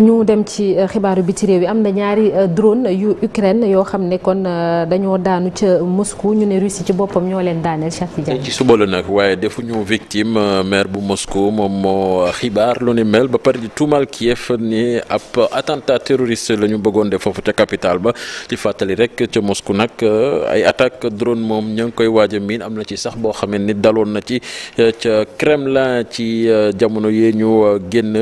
ñu dem ci euh, xibaaru biti réew yi am na ñaari euh, drone yu Ukraine yoo xam ne kon euh, dañoo daanu ca Moscou ñu ne Russie ci boppam ñoo leen daaneel Cheikh Tidiane ci suba la nag waaye defuñu victime maire bu Moscou moom moo xibaar lu ni mel ba pare di tuumal Kiev ni ab attentat terroriste la ñu bëggoon def foofu ca capitale ba ci fàttali rek ca Moscou nag ay attaque drone moom ña ngi koy waaj a miin am na ci sax boo xamee ni daloon na ci ca Kremlin ci jamono yee ñu génn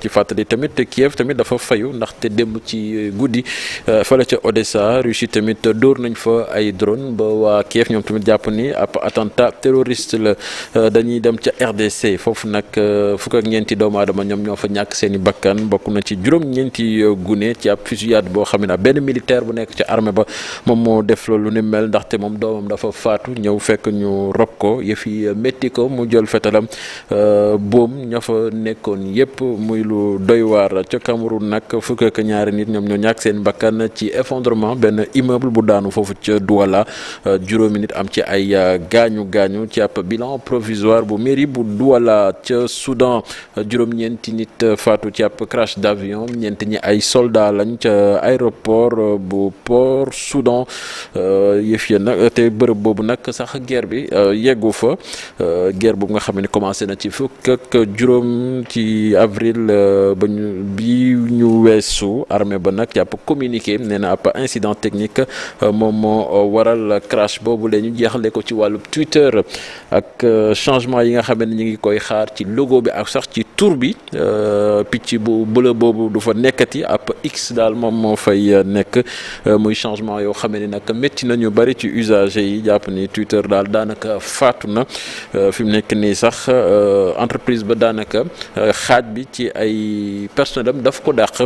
ci fàttali tamit Kiev tamit dafa fayu te démb ci guddi euh, fële ca Odessa Russie tamit dóor nañ fa ay drone ba waa Kiev ñoom tamit jàpp ni app attentat terroriste la euh, dañuy dem ca RDC foofu nag euh, fukk ak ñeenti doomu aadama ñoom ñoo fa ñàkk seen i bakkan bokk na ci juróom-ñeenti gune ci ab fusillade boo xam ne benn militaire bu nekk ca armee ba moom moo def lu ne mel ndaxte moom doomam dafa faatu ñëw fekk ñu rob ko yëf yi métti ko mu jël fetalam boom ñoo fa nekkoon yëpp muy lu doy Cameroun nag fukk ak ñaari nit ñoom ñoo ñàkk seen bakkan ci effondrement benn immeuble bu daanu foofu ca Douala juróomi nit am ci ay euh, gaañu gaañu ci ab bilan provisoire bu mairie bu Douala ca Soudan juróom-ñeenti nit euh, faatu ci ab crash d'avion ñeenti ñi ay soldats lañ ca aéroport euh, bu Port Soudan yëf ya nag te bërëb boobu nag sax guerre bi yeggu fa guerre boobu nga xam ne commencé na ci fukk ak juróom ci avril ba ñu yi ñu weesu armée ba nag jàpp communiqué nee na ab incident technique euh, moom moo euh, waral crash boobu la ñu jeexale ko ci wàllu Twitter ak euh, changement yi nga xam ne ñu ngi koy xaar ci logo bi ak sax ci tour bi picc bu bëla boobu du fa nekkati app X daal moom moo fay nekk muy changement yoo xam ne nag métti na ñu bari ci usager yi jàpp ni Twitter daal daanaka faatu na fi mu nekk nii sax entreprise ba daanaka xaaj bi ci ay personnel daf ko dàq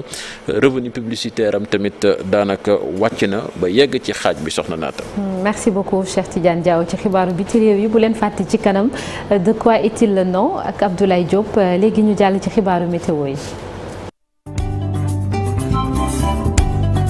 revenu publicitaire am tamit euh, daanaka wàcc na ba yegg ci xaaj bi soxna naata. Hmm, merci beaucoup Cheikh Tidiane Diaw ci xibaaru bi ci réew yi bu leen fàtte ci kanam euh, de quoi est-il le nom ak Abdoulaye Diop euh, léegi ñu jàll ci xibaaru météo yi.